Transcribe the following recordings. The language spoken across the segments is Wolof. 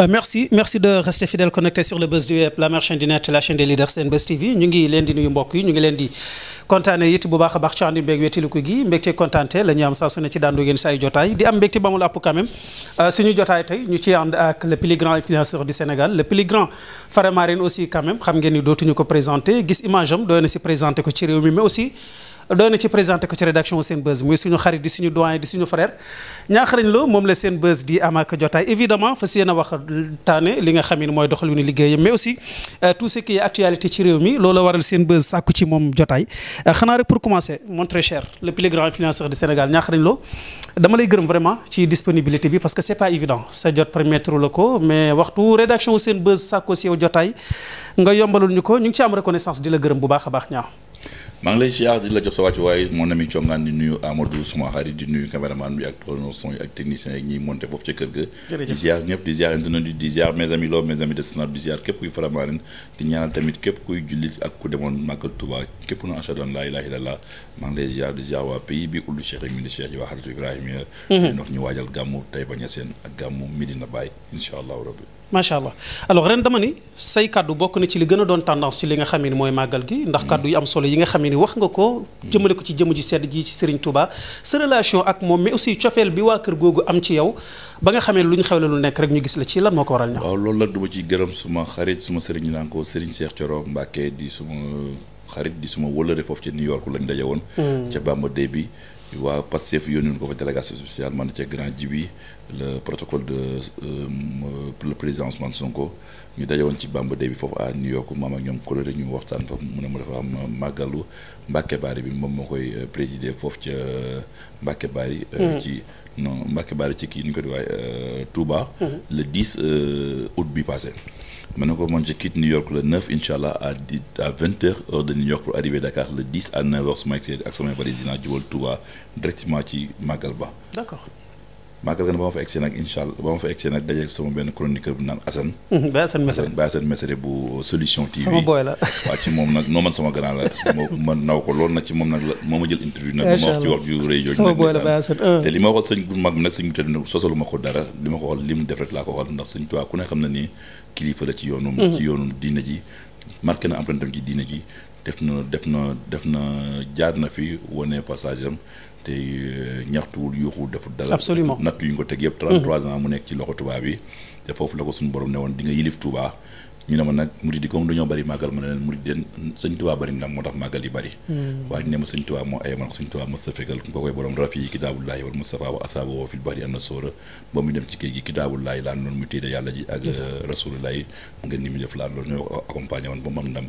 Euh, merci merci de rester fidèle connecté sur le buzz du web la marchaine du net la chaîne des leaders Senbuzz TV ñu ngi leen di nuyu mbokk yi ñu ngi leen di kontaane it bu baax a baax ci àndi mbéeg wetiliku gi mbégte kontaante la ñuy am saa su ci daandu ngeen say jotaay di am mbégte ba mu làpp quand même euh, suñu jotaay tey ñu ci ànd ak le plus grand influenceur du Sénégal le plus grand Faramareen aussi quand xam ngeen dootuñu ko présenté gis image am doy présenté ko ci réew mi mais aussi doy na ci présenté ko ci rédaction Senbuzz muy suñu xarit di suñu doyen di suñu frère ñaaxarañ la moom la Senbuzz di amaak jotaay évidemment fas yéen a waxtaane li nga xam ne mooy doxalinu liggéeyam mais aussi euh, tout ce qui est actualité ci réew mi loolu waral seen Senbuzz sàkku ci moom jotaay euh, xanaa rek pour commencer mon très cher le plus grand influenceur du Sénégal ñaaxarañ la dama lay gërëm vraiment ci disponibilité bi parce que c'est pas évident sa jot permettre la ko mais waxtu rédaction Senbuzz sàkku si yow jotaay nga yombalul ñu ko ñu ngi ci am reconnaissance di la gërëm bu baax a baax ñaaw maa ngi di la jox sa wàccu waaye mon ami congaan di nuyu Amadou suma xarit di nuyu caméraman bi ak preneur ak technicien yi ñuy monté foofu ca kër ga di siyaar ñëpp di siyaar internet di siyaar mes amis loo de snap di siyaar képp kuy faramaarin di ñaanal tamit képp kuy jullit ak ku demoon màggal Tuubaa képp nu ashhadu an laa ilaaha illallaah maa ngi lay siyaar di siyaar waa pays bi ullu cheikh yi midi cheikh yi waa xaritu Ibrahima yi mhm. ñu waajal macha allah alors ren dama ni say kaddu bokk na ci li gën a doon tendance ci li nga xam ne mooy màggal gi ndax kaddu yu am solo yi nga xam ne wax nga ko jëmale ko ci jëmm ji sedd ji ci Serigne Touba sa relation ak moom mais aussi cofeel bi waa kër googu am ci yow ba nga xamee lu ñu xewle lu nekk rek ñu gis la ci lan moo ko waral ñaaw waaw loolu la duma ci gërëm suma xarit suma Serigne naan ko Serigne Cheikh Thioro Mbacke di suma xarit di suma wëlëre foofu ci New York lañ daje woon hmm. ca Bamba Day bi waa Pastef yónni ko fa délégation spéciale man ci grand Djibi le protocole de euh, le président Ousmane ñu dajewoon ci Bamba Day bi foofu à New York maam ak ñoom coloré ñu waxtaan foofu mu ne ma dafa am màggalu Baari bi moom moo koy euh, présider foofu ca euh, Mbàkke Baari hmm. ci non Mbàkke Baari ci ki ñu ko di waaye Touba. Hmm. le 10 août bi passé. ma ne ko man je quitte New York le 9 incha allah à dix à vingt heures heure de New York pour arriver Dakar le 10 à 9 heures ma ak samay valise dinaa jubal Touba directement ci Magal ba. d'accord. màggal ga ne ba ma fa egsi nag incha allah ba ma fa egsi nag dajeeg sama benn chroniqueur bu naan Assane. Baye Assane Mesere bu Solution TV sama boy la. waa ci moom nag noo man sama grand la ma naw ko loolu nag ci moom nag moo ma jël interview nag ma wax ci wax ju rëy jooju sama boy la Baye Assane te li ma waxoon sëñ bu mag bi nag sëñ bi tëdd sosalu ko dara li ma ko xool li mu def rek laa ko xool ndax sëñ Tuubaa ku ne xam na ni kilifa la ci yoonum mm-hmm. ci yoonum na empreinte am ci na def na def na fi wane passage te euh, ñaxtuwul yuuxuwul deful dara. absolument natt yu ñu ko teg yëpp. 33 mhm. ans mu nekk ci loxo tubaab yi. te foofu la ko suñu borom ne woon di nga yilif Touba ñu ne ma nag murid yi comme dañoo bari màggal ma ne leen murid den sëñ Touba bari nag moo tax màggal yi bari. Hmm. waaye ñu ne ma sëñ Touba moo ay man sëñ Touba mos a fekkal ko koy borom rafi yi kitaabullaahi wal Mustafa wa asaaba woo fil bahri am na sóora ba mu dem ci géej gi kitaabullaahi laan loon mu téye yàlla ji. ak euh, rasulullaahi ngeen ni mu def laan loolu ñoo accompagné woon ba mu am ndam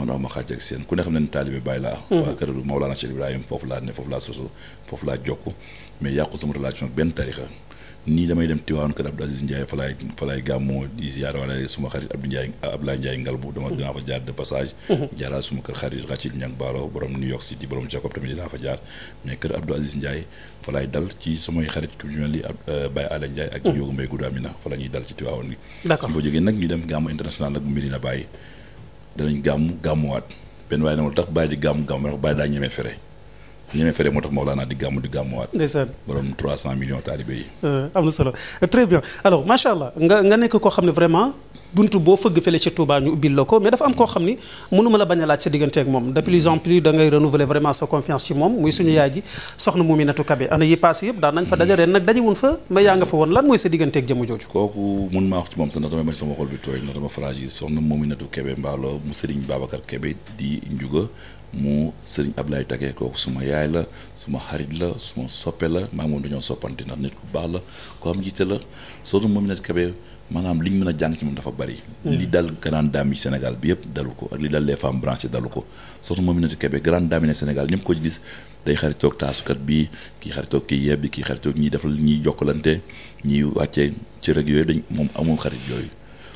man aw ma xaaj ak seen ku ne xam ne taalibe Baay laa hmm. waa kër Maolana Cheikh Ibrahim foofu laa ne foofu laa soso foofu laa jokk mais yàqu sama relation ak benn tarixa nii damay dem Tiwaawan suma xarit Abdou Ndiaye Abdoulaye Ndiaye Ngalbu dama hmm. dinaa fa jaar de passage hmm. jaaraat suma kër xarit Rachid Niang Baaro borom New York City borom Jacob tamit dinaa fa jaar mais kër Abdou Aziz Ndiaye fa laay dal ci samay xarit ku ñu mel ni euh, Baye ak Yoogu Mbay Gudaamina fa la dal ci Tiwaawan bi d'accord fa jógee nag ñu dem gàmmu international nag bu danañ gàmm gàmmuwaat benn waaye na ma tax bàyyi di gàmm gàmm rek bàyyi daa ñemee fere li ñu feree moo tax Maolana di gàmmu di gàmmuwaat. ndeysaan borom 300 millions taalibe yi. Euh, am na solo très bien alors macha nga nekk koo xam ne vraiment. boo fëgg fële ci Touba ñu ubbil la ko mais dafa am koo xam ni mënuma la bañ a laaj sa diggante moom de en plus da ngay renouveler vraiment sa confiance ci moom muy suñu yaay ji soxna Mouminatou Kébé ana yi passé yëpp daan fa daje ren nag daje wuñ fa mais yaa nga fa woon lan mooy mu ab Ablaye Tage kooku suma yaay la suma xarit la suma soppee la maam moom dañoo soppante ndax nit ku baax la ko am jiite la soo moom nag kabe maanaam li ñu mën a jàng ci moom dafa bari. Hmm. li dal grande dame yi Sénégal bi yëpp dalu ko li dal les femmes branchées dalu ko surtout moom it Kébé grande dame yi ne Sénégal ñëpp ko gis day xaritoog taasukat bi kii xaritoog kii yeb bi kii xaritoog ñiy def ñiy jokkalante ñiy wàccee ci rek yooyu dañ moom amul xarit yooyu.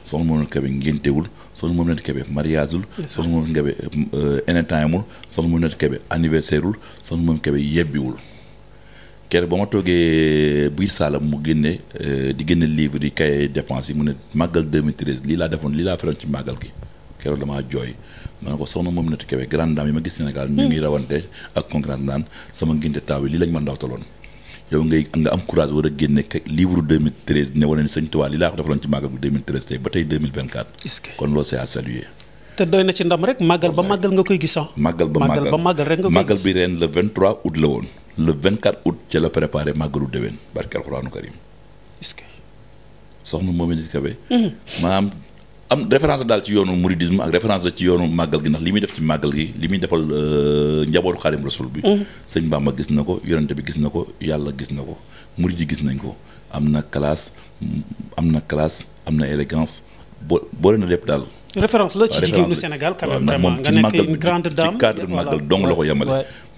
sokhna Mouhamed Kébé ngéntewul sokhna Mouhamed Kébé mariageul sokhna Mouhamed Kébé enetaimul euh, sokhna Mouhamed Kébé anniversaireul sokhna Mouhamed Kébé yebbiwul keroog ba ma toogee biir saala mu génne euh, di génne livre yi kay dépense yi mu ne màggal 2013 lii laa defoon lii laa feroon ci màggal gi keroog damaa jooy ma ne ko soxna moom natu Kébé grande dame yi ma gis Sénégal ñu ngi hmm. rawante ak concurrence naan sama ngénte taaw yi lii lañ ma ndawtaloon yow ngay nga am courage war a génne livre 2013 ne wane ni sëñ Tuubaa li laa ko defaloon ci màggal bu tey ba tey kon loolu c'est à saluer. te doy na ci ndam rek màggal ba màggal nga koy gis màggal ba màggal màggal rek nga koy gis màggal bi ren le 23 août la woon. le 24 août ca la préparé màggalu déwén barke alxuraanu karim. est-ce que. soxna Momy am référence daal ci yoonu mouridisme ak référence la ci yoonu màggal gi ndax li muy def ci màggal gi li muy defal euh, njabootu xaadim rasul bi mm-hmm. sëñ Bamba gis na ko yonente bi gis na ko yàlla gis na ko murid yi gis nañ ko am na classe am na classe am na élégance boo boole na lépp daal référence la ci jigéenu Sénégal quand même vraiment nga nekk une grande dame ci cadre màggal dong la ko yemale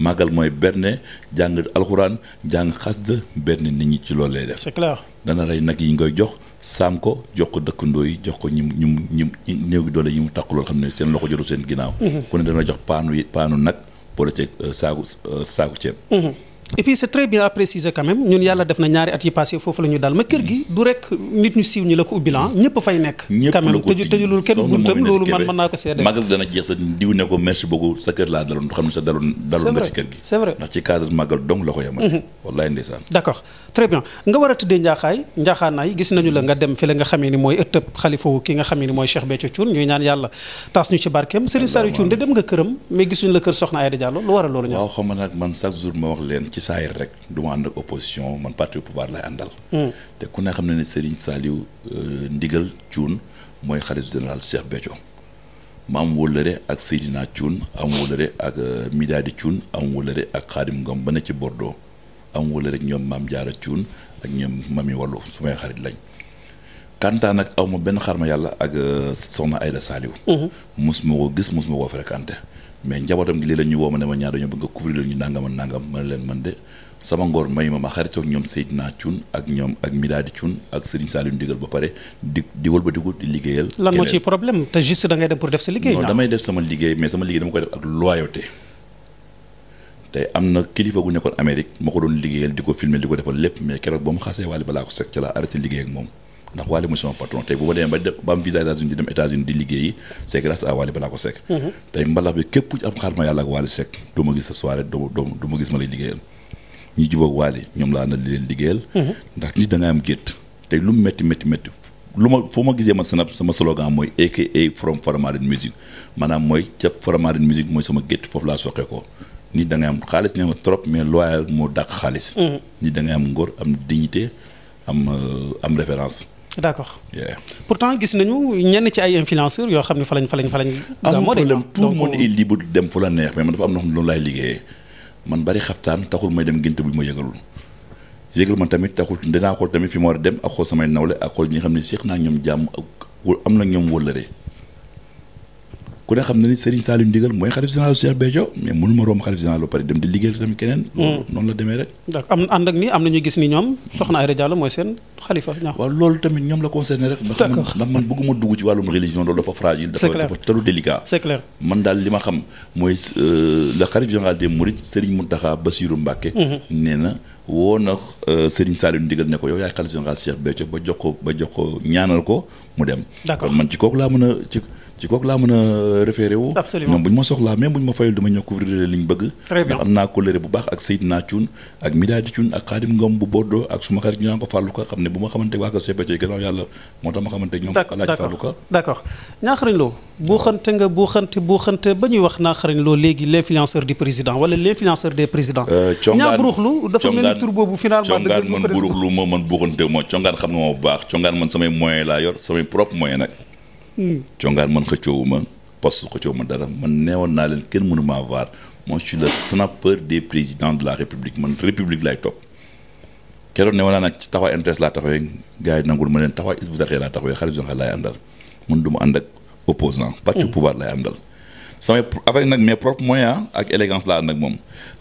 màggal mooy berne jàng alxuraan jàng xasda berne nit ñi ci loolu lay def c'est dana rey nag yi ñu koy jox saam ko jox ko dëkkandoo yi jox ko ñim ñum ñim néew gi doole ñi mu takk loolu xam ne seen loxo jotu seen ginnaaw mhm. ku ne dana jox paanu paanu nag boole ceeg saaku euh, saaku euh, ceeb mhm. et puis c'est très bien à préciser quand même ñun yàlla def na ñaari at yi passé foofu la daal ma kër gi du rek nit ñu siiw ñi la ko ubbilan ñëpp fay nekk quand tëjulul kenn buntam loolu man mën naa ko seede màggal dana jeex sa diw ne ko merci beaucoup sa kër laa daloon xam ne kër gi ndax ci cadre màggal donc la ko yemal mhm. wallaay ndeysaan d'accord très bien nga war a tëddee njaaxaay njaaxaanaay gis nañu la nga dem fi la nga xamee ni mooy ëttëb a loolu ñaaw ci saayir rek du ma ànd ak opposition man parti au pouvoir lay àndal. Hmm. te ku ne xam ne ne Serigne Saliou euh, Ndigal Thioune mooy xalifa général Cheikh Béthio. ma am wóllëre ak Seydina Thioune am wóllëre ak euh, Midadi Thioune am wóllëre ak Khadim Ngom ba ne ci Bordeaux am wóllëre ak ñoom Mame Diarra Thioune ak ñoom Mami Wallo su may xarit lañ. Kanta nag aw benn xarma yàlla ak euh, soxna Aïda Saliou. Hmm. mos ma ko gis mos ma ko fréquenté. mais njabootam gi lii la ñu woo ma ne ma ñaar dañoo bëgg a couvrir ñu nangam ak nangam ma ne leen man de sama ngoor may ma ma xaritoog ñoom Seydina Thioune ak ak Midadi Thioune ak Serigne Saliou Ndigal ba pare di di wëlbatiku di liggéeyal. lan moo ciy problème te juste da ngay dem pour def sa liggéey. non damay def sama liggéey mais sama liggéey dama koy def ak loyauté. tey am na kilifa gu nekkoon Amérique ma ko doon liggéeyal di ko filmer di ko defal lépp mais ndax Wally mooy sama patron tey bu ma demee ba am visa États-Unis di dem États-Unis di liggéeyi c'est grâce à Wally balaa ko Seck mhm. tey mbalax bi képp ku am xaar ma yàlla ak Wally Seck doo ma gis sa soirée doo doo ma gis ma lay liggéeyal ñi jubóog Wally ñoom laa na leen liggéeyal mhm. ndax nit da nga am gétt tey lu mu métti métti métti lu ma foo ma gisee ma sanab sama slogan mooy aka from Faramareen musique maanaam mooy ca Faramareen musique mooy sama gétt foofu laa soqee ko nit da am xaalis ne ma trop mais loyal moo dàq xaalis mhm. nit da ngay am ngor am dignité am euh, am référence d' accord yeah. pourtant gis nañu ñenn ci ay influenceurs yoo xam ne fa lañ fa lañ fa lañ. amul problème moo le monde est libre de dem fu la neex man dafa am na xam ne loolu laay liggéeyee man bari xaftaan taxul may dem ngénte bi ma yëgalul yëgal ma tamit taxul dinaa xool tamit fi ma war a dem ak xool samay nawle ak xool ñi xam ne seex naa ñoom jàmm ak am na ñoom wëllëre ku ne xam na ni Serigne Saliou Ndigal mooy xalif général Cheikh Béthio ma romb xalif général ba pare dem mm. man daal li ma xam mooy euh, xalif général des mm-hmm. euh, Ndigal ne ko yow yaay xalif général Cheikh Béthio ba jox ko ba jox ko ñaanal ko mu dem. d'accord man ci kooku laa mën a ci ci kook laa mën a référé woo. ñoom bu ñu ma soxlaa même bu ñu ma fayal dama ñëw couvrir li ñu bëgg. ndax am naa colère bu baax ak Seydina Thioune ak ak Khadim Ngom ak xam ne bu ma xamante waa ko CPT gannaaw yàlla moo tax ma xamante ñoom. alaaj Fallou Ka d' accord ñaaxarañ wax ñaaxarañ loo léegi l' influenceur du wala l' influenceur des présidents. Euh, ñaa buruxlu dafa mel ni tur bu baax congaan man samay moyen laa yor samay propre moyen nag congaan man xëccoowuma poste xëccoowuma dara man neewoon naa leen kenn mënu maa vaar moi je suis le snapper des présidents de la république man république laay topp keroog neewoon naa nag ci taxawaay intérêt laa taxawee gars yi nangul ma leen taxawaay is bu tarxee laa taxawee xaalis jonxe laay àndal man du ma ànd ak opposant parti au hmm. pouvoir laay àndal samay avec nag mes propres moyens ak élégance laa ànd ak moom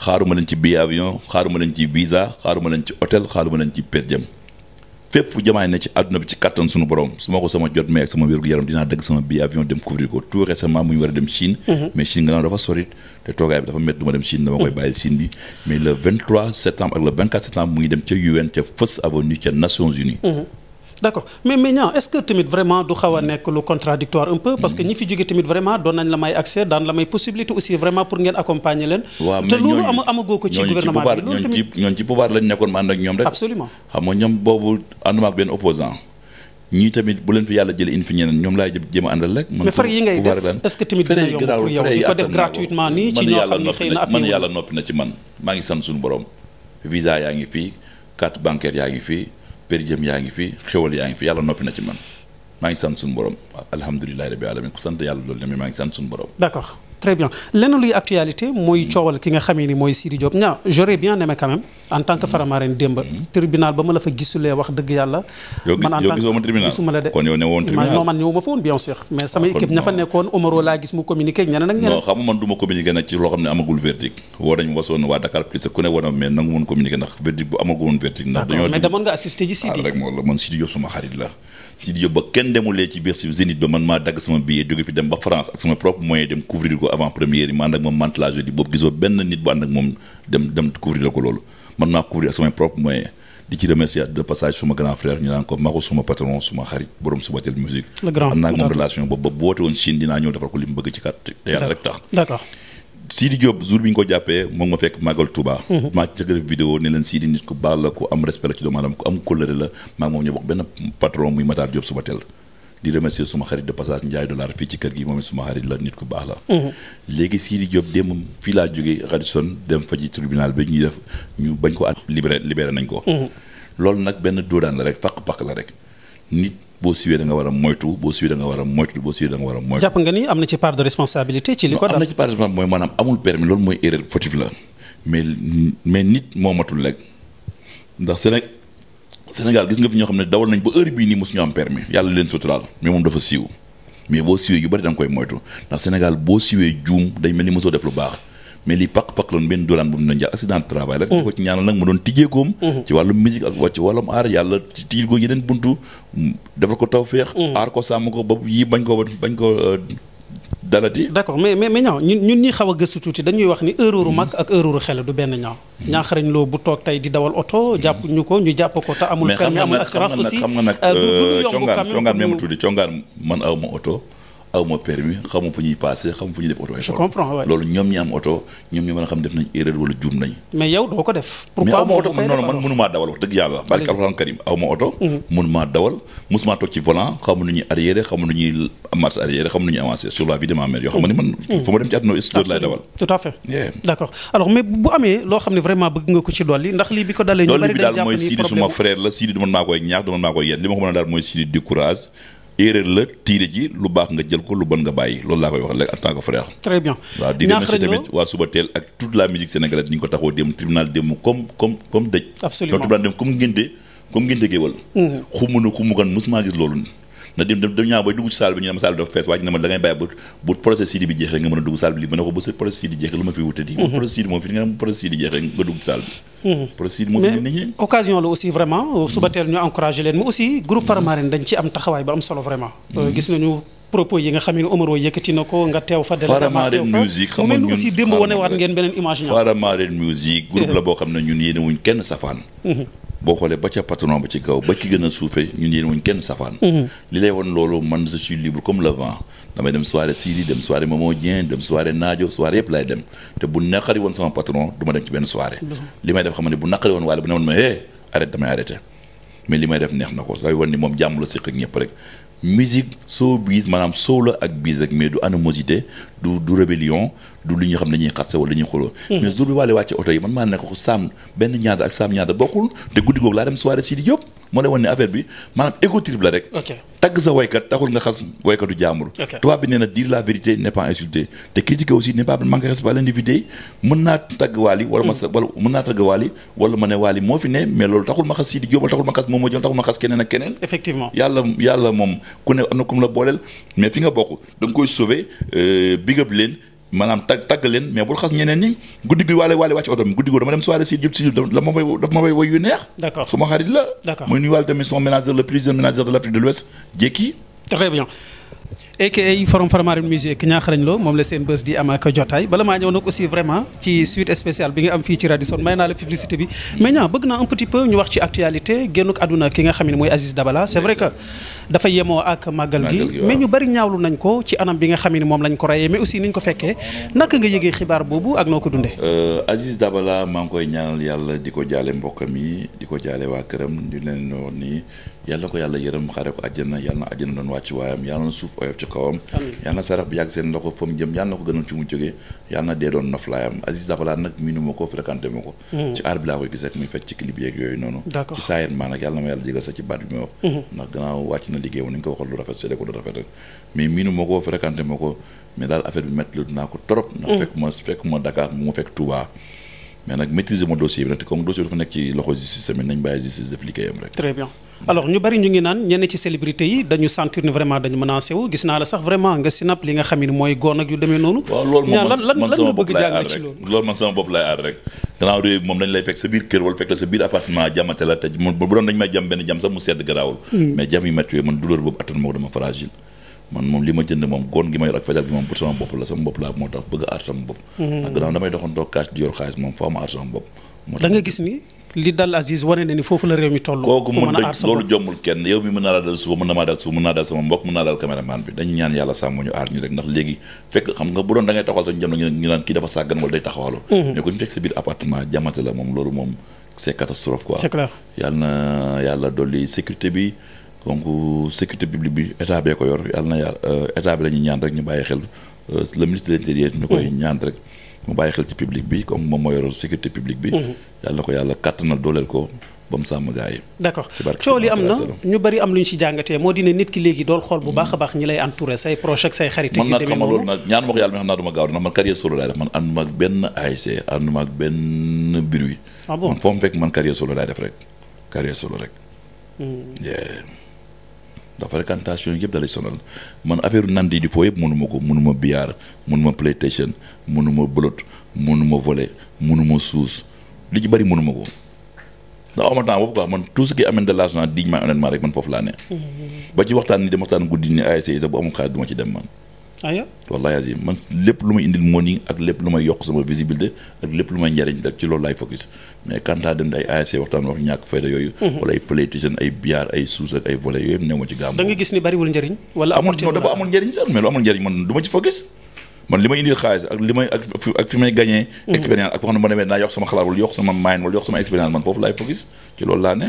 xaaruma leen ci billet avion xaaruma leen ci visa xaaruma leen ci hôtel xaaruma leen ci per diem fépp fu jamaay ne ci àdduna bi ci kattan suñu borom su ma ko sama jot mais ak sama wérgu yaram dinaa dëgg sama bi avion dem couvrir ko tout récemment mu ngi war a dem Chine mhm. mais Chine gannaaw dafa sorit te toogaay bi dafa métti du dem Chine dama koy mhm. bàyyi Chine bi mais le 23 septembre ak le 24 septembre mu ngi dem ca UN ca First Avenue ca Nations Unies mhm. d' accord mais mais ñaa est ce que tamit vraiment du xaw a nekk lu contradictoire un peu parce que ñi fi jóge tamit vraiment doon nañ la may accès daan la may possibilité aussi vraiment pour ngeen accompagner leen te loolu ama amagoo ko ci gouvernement bi loolu nekkoon ma ànd ak ñoom rek xam nga ñoom boobu ànduma ak benn opposant ñii tamit bu leen fi yàlla jëlee in fi ñoom laay jéem a àndal rek mais far yi ngay def est ce que tamit dina yomb pour fii pér jëm yaa ngi fi xéwal yaa ngi fi yàlla noppi na ci man maa ngi san suñu borom alhamdulilahi rabbi alamin ku sant yàlla loolu tamit maa ngi san suñu borom d'accord très bien lenn luy actualité mooy ki nga xamee ni mooy Sidi Diop ñaa j'aurais bien aimé quand même en tant que Faramareen démb mm-hmm. tribunal ba ma la fa gisulee wax dëgg yàlla man en tant que gisuma la de kon yow ne ma fa ah, nekkoon Omaro laa gis mu communiqué ñeneen ak ñeneen non xam man du ma nag ci loo xam ne amagul verdict woo nañ wasoon waa Dakar plus ku ne woon mais nangu mun communiqué ndax verdict bu amagul woon verdict ndax dañoo mais ah, man Sidi Diop suma xarit la Sidy Diop ba kenn demulee ci biir si Zénith ba man maa dagg sama billet jóge fi dem ba France ak sama propre moyen dem couvrir ko avant première ma ànd ak moom Mantes la jeudi boobu benn nit bu ànd ak moom dem dem couvrir ko loolu man maa couvrir ak sama propre moyen di ci remercier de passage suma grand frère ñu naan ko Maro suma patron suma xarit borom suma tel musique am naa ak moom relation boobu boote woon Chine dinaa ñëw defar ko li Sidi Diop jour bi ñu ko jàppee moom ma fekk màggal Touba. Mhm. maa jëkkër vidéo ne leen Sidi nit ku baax la ku am respect la ci doomu ku am kóllëre la maa moom ñu bokk benn patron muy Matar Diop suba teel di remercier suma xarit de passage Ndiaye dollar fii ci kër gi moom suma xarit la nit ku baax la. Mhm. léegi Sidi Diop démb fii laa jógee Radisson dem fa ci bi ñuy def ñu bañ ko at libéré libéré nañ ko. Mhm. loolu nag benn doodaan la rek fàq-fàq la rek boo siwee a moytu boo siwee da a moytu boo siwee da nga war a moytu. jàpp nga ni am na ci part de responsabilité. na ci mooy maanaam amul permis loolu mooy erreur fautive la mais nit moo matul rek ndax Sénégal gis nga fi ñoo xam ne dawal nañ ba heure bii nii mosuñu am permis yàlla leen suturaal mais moom dafa siiw mais boo siwee yu bari da nga koy moytu ndax Sénégal boo siwee juum day mel ni mosoo def lu baax. mais lii paq-paq loon benn doolaan bu mu doon jaar accident de travail la. Mm. ko ci ñaanal nag mu doon tijjeekoom. Mm-hmm. ci wàllum musique ak wàcc wàllum aar yàlla ci ko yeneen buntu defal ko tawféex. Mm. aar ko sàmm ko ba yii bañ ko bañ ko euh, dalati. d'accord mais mais mais ñaaw ñi xaw a gëstu tuuti dañuy wax ni heure mm-hmm. benn ñaaw. Mm-hmm. ñaaxarañ loo bu toog tey di dawal oto. jàpp ñu ko ñu jàpp ko te amul. permis amul xam nga nag xam nga nag congaan congaan même tuuti congaan man aw ma aw permis xamu fu ñuy passé xamu fu ñuy def auto. je loolu ñoom ñi am oto ñoom ñu mën a xam def nañ erreur wala juum nañ. mais yow doo ko def. pourquoi aw oto man maa dawal wax dëgg mhm. ci volant xamu nu ñuy arrière xamu nu ñuy marche arrière xamu nu ñuy avancé sur la vie de ma yoo xam ne man. Mhm. fu ma dem ci àdduna studio loolu bi daal mooy Sidi suma frère la Sidi du man koy ñaax du man koy yedd li ma ko mën a daal mooy Sidi erreur la tiire ji lu baax nga jël ko lu ban nga bàyyi loolu laa koy wax léegi en tant que frère. très bien waaw di remercier waa suba teel ak toute la musique sénégalaise ni ko taxoo dem tribunal dem comme comme comme dëj. absolument loolu tribunal dem comme ngénte comme ngénte géwal. Mm-hmm. xumb na xumb kan mosuma gis loolu. na dem ñaaw bay dugg saal bi ñu ne saal bi fees waaye ñu ma da bàyyi bu bu procès bi jeexee nga mën a dugg saal bi li ma ne ko bu procès Sidi jeexee mhm. jeexee nga dugg saal bi mhm. procès moo fi nit ñi occasion la aussi vraiment euh, mhm. suba teel ñu encouragé leen mais aussi groupe Faramareen dañ ci am taxawaay ba am solo vraiment euh, gis nañu propos yi nga xam ne yëkkati na ko nga teew fa Faramareen musique musique xam ne ñun yéene wuñ kenn boo xoolee ba ca patron ba ci kaw ba ki gën a suufee ñun yéen wuñ kenn safaan mhm. li lay woon loolu man je suis libre comme le vent damay dem soirée Sidi dem soirée Momo dem soirée Naajo soirée yëpp laay dem te bu naqari woon sama patron du ma dem ci benn soirée li may def xam ne bu naqari woon waale bu ne woon ma hé arrête damay arrêté mais li may def neex na ko saa yu ni moom jàmm la séq ak ñëpp rek musique soo biis maanaam soow la ak biis rek mais du animosité du du rébellion du lu ñuy xam ne dañuy xaste wala dañuy xuloo hmm. mais jour bi wàlle wàcce oto yi man maa ne ko saam benn ñaata ak saam ñaata bokkul te guddi googu laa dem soirée Sidi Diop moo lay wan ne affaire bi maanaam égotrip la rek. tagg sa waykat taxul nga xas waykatu jàmbur. tubaab bi nee na dire la vérité n'est pas insulter te critiquer aussi n'est pas manquer respect à l'individu mën naa tagg waali wala ma hmm. sa wala ma ne waali moo fi ne mais loolu taxul ma xas Sidi Diop wala taxul ma xas Momo Diop taxul ma xas keneen ak keneen. yàlla yàlla moom ku ne am na ku mu la booleel mais fi nga bokk da koy sauver euh, big leen. maanaam tag tagg leen mais bul xas ñeneen ñi guddi gi waale waale wàcc oto bi guddi goo dama dem soirée si jub si jub daf ma fay daf ma fay woy neex. d'accord su ma xarit la. d'accord muy nuyuwaale tamit son manager le président manager de l'Afrique de l'Ouest Dieki. très bien. aka forum faramari musique ñaaxarañ loo moom la seen bés di am ak jotaay bala maa ñëw nag aussi vraiment ci suite spéciale bi nga am fii ci Radisson may naa la publicité bi mais bëgg naa un petit peu ñu wax ci actualité génnuk àdduna ki nga xam ne mooy Aziz Dabala c'est vrai que dafa yemoo ak màggal gi mais ñu bari ñaawlu nañ ko ci anam bi nga xam ne moom lañ ko rayee mais aussi niñ ko fekkee naka nga yëgee xibaar boobu ak noo ko dundee euh, Aziz Dabala yàlla di ko jaale mbokkam yi ko jaale waa këram di leen wax ni yàlla ko yàlla yërëm xaare ko suuf oyof ci kawam yal na sarax bi yàgg seen loxo fa mu jëm yal na ko gënal fi mu jógee yal na dee doon noflaayam Aziz Dabala nag miinu ma ko fréquenté ma ko hmm. ci aar bi laa koy gis ak muy fecc ci clip yooyu noonu ci saayeen maa nag yàlla na ma yàlla jégal sax ci baat bi ma wax hmm. ndax gannaaw wàcc na liggéey moom ni nga ko waxal lu rafet seede ko lu rafet rek mais miinu ma ko fréquenté ma ko mais daal affaire bi métti lu dinaa ko trop ndax hmm. fekk ma fekk mais nag maîtriser ma dossier bi nag te comme dossier dafa nekk ci loxo justice tamit nañ bàyyi justice def yi dañu sentir ni vraiment dañu menacé wu gis naa la sax vraiment nga sinap li nga xam ne mooy góor nag yu demee noonu. loolu man sama bopp laay aar rek. gannaaw réew moom dañ lay fekk sa biir kër wala fekk la sa biir appartement jàmmate la te bu doon dañu may jàmm benn jàmm sax mu sedd garaawul. Hmm. mais jàmm yi métti man douleur boobu attan man moom li ma jënd moom góor gi ma yor ak fajar gi moom pour sama bopp la sama bopp laa moo tax bëgg a aar sama bopp. Hmm. moom foo gis ni li dal Aziz wane ni foofu la réew mi toll. kooku mën na loolu jombul kenn yow mi mën naa dal suba mën naa dal sama mbokk mën naa dal caméraman bi dañu ñaan yàlla sàmm ñu aar ñu rek ndax léegi fekk xam nga bu doon da taxawal sax ñu jëm na kii dafa sàggan wala day taxawalu hmm. mais ko ñu fekk sa biir appartement donc euh, sécurité publique bi état bee ko yor yàlla na yàlla euh, état bi la ñaan rek ñu bàyyi xel euh, le ministre de l'intérieur ñu koy mm-hmm. ñaan rek mu bàyyi xel ci public bi comme moom moo yoroon sécurité publique bi mm-hmm. yàlla na ko yàlla kàttanal dooleel ko ba mu sàmm gaa yi d'accord coow na ñu bari am lu ñu ci jàngatee moo di nit ki léegi dool xool bu baax a mm-hmm. baax ñi lay entouré say proche ak say xarit man nag xam loolu nag ñaan ma ko yàlla mi xam naa duma gaaw ndax man ànduma ak benn ASC ànduma ndax fréquentation yëpp da lay sonal man affaire nandi di foo yëpp mënuma ko mënuma biyaar mënuma playstation mënuma blotte mënuma volet mënuma suus li ci bari mënuma ko ndax awma temps boobu quoi man tout ce qui amène de rek man foofu laa ne mm-hmm. ba ci waxtaan ni dem waxtaan guddi ni ASC e sax bu amul xaalis duma ci dem man aywa wallahi azim man lépp lu may indil money ak lépp lu may yokk sama visibilité ak lépp lu may njariñ rek ci loolu laay focus mais quant dem di ay ASC waxtaan wax ñàkk fayda yooyu mhm. wala ay politiciens ay biyaar ay suus ak ay volets yooyu yëpp new ma ci gàmm amul njariñ sax mais lu amul njariñ man du ci focus man li ma indi xaalis ak li ma ak ak fi may gagné. Mm-hmm. expérience ak wax na ma demee naa yokk sama xalaat ne.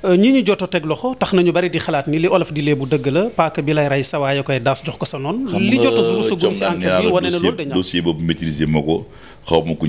Euh, ñi ñu jot teg loxo tax nañu bari di xalaat ni li olof di léebu dëgg la paaka bi lay rey sa waay koy daas jox ko sa noonu. li jot a rusagum si enquête bi wane na loolu dañu ma ko xaw ma xaw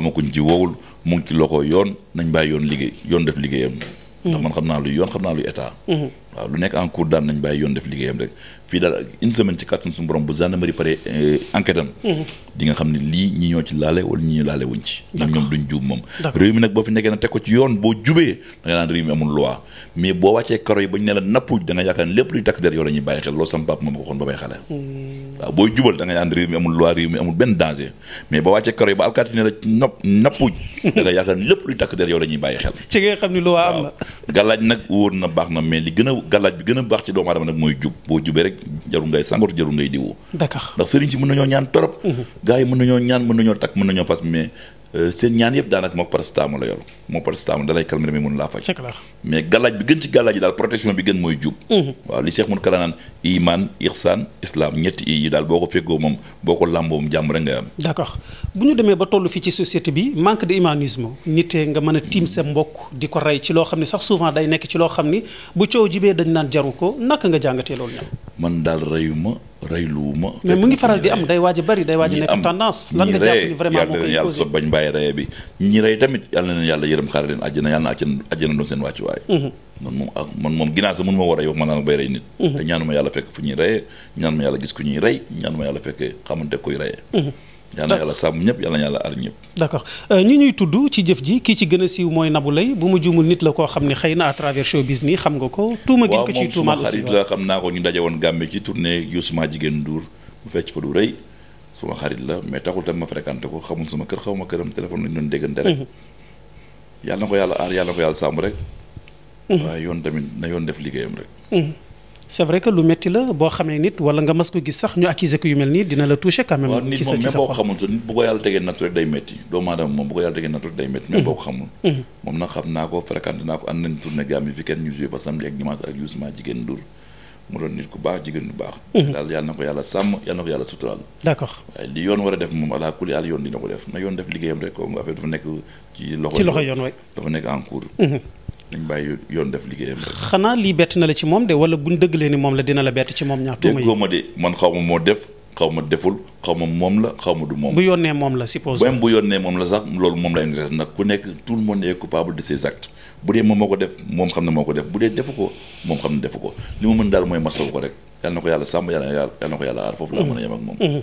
ma kuñ ci wowul mu ngi ci loxo yoon nañ bàyyi yoon liggéey yoon def liggéeyam. Mm-hmm. ndax man xam naa luy yoon xam naa luy état. Mm-hmm. waaw lu nekk en cours daan nañ bàyyi yoon def liggéeyam rek fii daal ak une ci kàttan suñu bu gendarmerie pare eh, enquête am mhm. xam ne lii ñi ñoo ci laale wala ñi ñu laale wuñ ci ñoom ñoom duñ juub moom réew mi nag boo fi nekkee na teg ko ci yoon boo jubee da nga naan réew mi amul loi mais boo wàccee karo yi ba ñu ne la nappuj da nga ne lépp luy takk der yow la bàyyi xel loolu sama moom ko xoon ba bay xale hmm. waaw booy jubal da ngay ànd réew mi amul loi réew mi amul benn danger mais ba wàccee karo ba alkaati ne la nopp nappuj da nga lépp luy takk der yow la bàyyi xel ci xam ni loi am na gàllaaj nag wóor na baax na mais li gën a gàllaaj bi gën a baax ci doomu aadama nag mooy jub boo jubee rek jarul ngay sàngootu jarul ngay diwu d'accord ndax sëriñ si mën nañoo ñaan torop mhm. gars yi mën nañoo ñaan mën nañoo takk mën nañoo fas mais Euh, seen ñaan yëpp daanaka moo paracétamol la yor moo paracétamol dalay calmer mais mënu laa faj mais gàllaaj bi gën ci gàllaaj yi daal protection bi gën mooy jub mhm. waaw li Cheikh mun kala naan iman ihsan ñetti i yi daal boo ko fekkoo moom boo ko làmboo moom rek ngay am d'accord bu ñu demee ba toll fii ci société bi manque de humanisme nitee nga mën a tiim sa mbokk di ko rey ci loo xam ne sax souvent day nekk ci loo xam ni bu coow jibee dañ naan jaru reyluwuma. mais mu ngi faral di am day waaj a bari day waaj a nekk tendance. lan nga jàpp ni vraiment moo koy yàlla yàlla na yàlla yërëm xaare leen àjjana yàlla na doon seen wàccuwaay. Mhm. man moom moom ginnaaw sax mënu ma war a wax man naa bay rey nit. Mhm. te ñaanuma yàlla fekk fu ñuy reyee ñaanuma yàlla gis ku ñuy rey ñaanuma yàlla fekk xamante kuy reyee. Mhm. yal na yàlla sàmm ñëpp yal na yàlla ar ñëpp. d' accord euh, ñi ñuy tudd ci jëf ji kii ci gën a siiw mooy nabu lay bu ma juumul nit la koo xam ne xëy na à travers showbiz nii xam nga ko. tuuma gi ko ciy tuumaal aussi waaw moom suma xarit la xam naa ko ñu daje woon Gambie ci tournée Youssouma jigéen Ndour mu fecc fa du rëy suma xarit la mais taxul tam ma fréquenté ko xamul sama kër xaw ma këram téléphone lañu doon déggante rek. Mhm. yàlla na ko yàlla aar yàlla na ko yàlla sàmm rek. Mhm. waaye yoon tamit na yoon def liggéeyam rek. Mhm. c'est vrai que lu métti la boo xamee nit wala nga mas ko gis sax ñu accuser ko yu mel nii dina la toucher quand ci sa ci baax jigéen mhm. na a def moom ala kulli yoon dina ko def na yoon def liggéeyam rek ko loxo. yoon waay dafa nekk en dañ bàyyi yoon def liggéeyam rek. xanaa lii bett na la ci moom de wala buñ dëggalee ni moom la dina la bett ci moom ñaar tuuma yi ma man xaw moo def xaw ma deful xaw ma moom la xaw ma du moom. la suppose. même bu yónnee moom la sax loolu moom la intéresse nag ku nekk tout le monde est coupable de ses bu dee moom moo ko def moom xam ne moo ko def bu dee defu ko moom xam ne defu ko li mu mën daal mooy masawu ko rek yal na ko yàlla sàmm yal na ko yàlla aar foofu laa mën a yem moom. Mhm.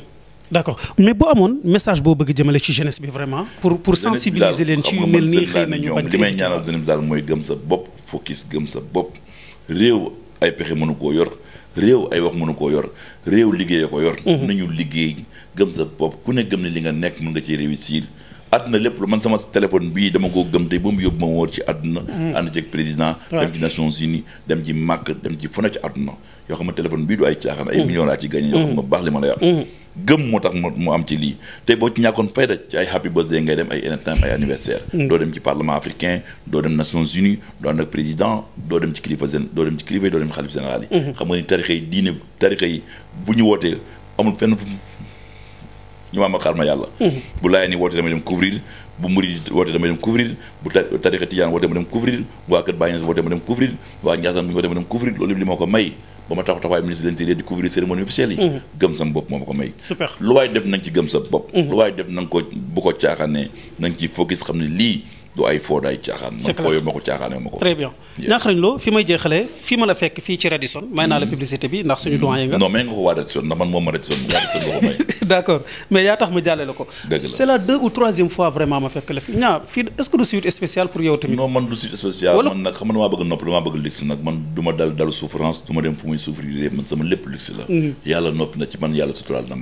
d' accord mais boo amoon message boo bëgg jëmale ci jeunesse bi vraiment. pour pour sensibiliser leen ci yu mel nii xëy na ñu bañ li may ñaanal sa bopp focus gëm ay pexe mënu koo yor réew ay wax mënu koo yor réew liggéey ko yor. Mhm. nañu liggéey gëm sa bopp ku ne gëm ne li nga nekk mën nga ci réussir. àdduna lépp lu man sama téléphone bii dama ko gëm tey ba mu yóbbu ma wóor ci àdduna mhm. ànd ceeg président dem ci Nations Unies dem ci màkk dem ci fu ne àdduna yoo xam ne téléphone bii du ay caaxaan ay mhm. millions ci gagné yoo xam nga baax li ma la yàq gëm moo tax mu am ci lii te boo ci ñàkkoon fayda ci ay happy birthday ngay dem ay ay anniversaire mm. doo dem ci parlement africain doo dem Nations Unies doo ànd ak président doo dem ci kilifa doo dem ci kilifa yi doo dem xalif général yi mm-hmm. xam nga ni tarixa yi diine tarixa yi bu ñu wootee amul fenn ñu maam a xaar ma yàlla mm-hmm. bu laayee ni wootee damay dem couvrir bu murid woote dama dem couvrir bu tarixa tijaan woote ma dem couvrir waa kër Baay Ñas woote ma dem couvrir waa Njaasaan bu ñu ma dem couvrir loolu li ma ko may ba ma taxaw taxawaay ministre de l'intérieur di couvrir cérémonie officielle yi mhm. gëm sam bopp moo ma ko may super lu waaye def na ci gëm sa bopp mhm. lu waaye def na ko bu ko caaxaane na ci focus xam ne lii du ay foo daay caaxaan. c' est clair man fooyoo ma ko caaxaanee ma ko. très bien ñaaxarañ loo fi may jeexalee fi ma la fekk fii ci Radisson. may naa la mm. publicité bi ndax suñu doyen nga. non ma Radisson waa Radisson nga ko may. d' accord mais yaa tax ma jàllale la c' est la deux ou troisième fois vraiment ma fekk la fi ñaa fii du suite spécial pour yow tamit. non man du suite spécial. man nag xam maa bëgg nopp damaa bëgg luxe nag man du dal dalu souffrance du dem fu muy souffrir man sama lépp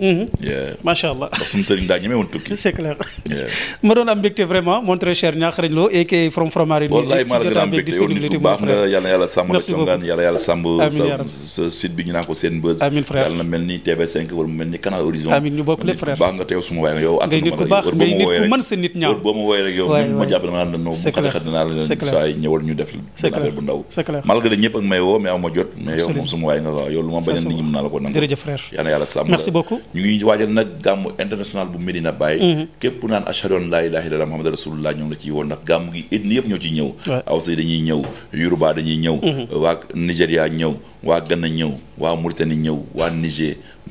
Mhm. macha allah ndax suñu sëriñ daa ñeme woon tukki. c' est clair ma am mbégte vraiment na yàlla ni TV5 wala mu mel boo ma wooyee rek yow ma ñu def affaire bu ndaw ak may woo mais aw ma jot mais yow moom suma waaye nga yow lu ma bañal nit ñi mën naa la ko nangu jërëjëf frère yàlla yàlla sàmm merci beaucoup ñu ngi waajal nag gàmmu international bu Medina Baye mhm. képp naan ashhadu an laa ilaaha illallah muhammadu rasulullah ñoom la ciy woon ndax gàmmu gi ethnie yëpp ñoo ci ñëw Hausa yi dañuy ñëw Yoruba dañuy ñëw mhm. waa Nigéria ñëw waa Ghana ñëw waa Mauritanie ñëw waa Niger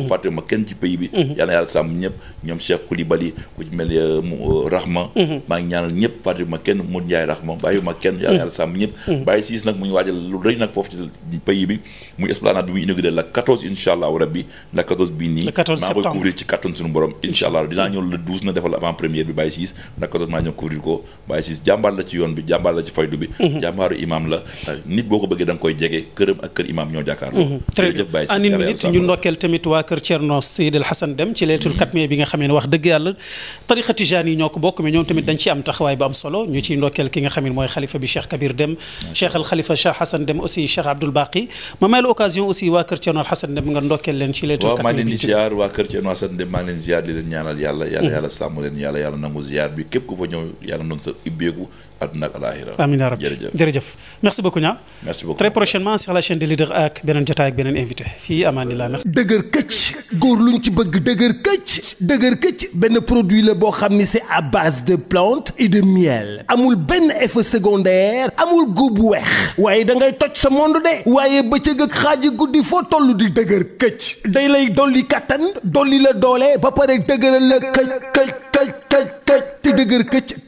Mhm. fàtte ma kenn ci pays bi mhm. yal na yàlla sàmm ñëpp ñoom Cheikh Koulibaly ku mel euh, euh, Rahma mhm. maa ngi ñaanal ñëpp fàtte ma kenn Modou Ndiaye Rahma bàyyi ma kenn yal yàlla sàmm ñëpp bàyyi siis nag mu ngi waajal lu rëy nag foofu ci pays bi muy esplanade bi muy inauguré la 14 incha allahu rabbi la 14 bii nii maa koy couvrir ci kattan suñu borom incha allah dinaa mm. ñëw le 12 na defal avant première bi bàyyi siis la 14 maa ñëw couvrir ko bàyyi siis jàmbaar la ci yoon waa kër Thierno Seydil Hassan Dem ci leetul katmiya mm-hmm. bi nga xamee ne wax dëgg yàlla tariqa tijaan yi ñoo ko bokk mais ñoom tamit dañ ci am taxawaay bu am solo ñu ciy ndokkeel ki nga xam mooy xalifa bi Cheikh Kabir Dem Cheikh al xalifa Cheikh Dem aussi Cheikh Abdoul Baqi ma may la aussi waa kër Thierno Hassan Dem Dem maa leen ziar di leen ñaanal yàlla mm-hmm. sàmm leen yàlla nangu ziar bi képp ku fa ñëw yàlla noonu sa ibbeeku àdduna ak alaaxira amiin yaa rabbi jërëjëf jërëjëf merci beaucoup Niang merci beaucoup très prochainement sur la chaîne de ak beneen jotaay ak beneen invité fii amaanillah merci dëgër këcc góor luñ ci bëgg dëgër këcc dëgër këcc benn produit la boo xam ni c'est à base de plantes et benn effet secondaire amul góob bu weex da ngay toj sa monde de waaye bëccëg ak xaaji guddi foo toll di dëgër këcc day lay dolli kattan dolli la doole ba pare dëgëral la këcc këcc këcc këcc te dëgër këcc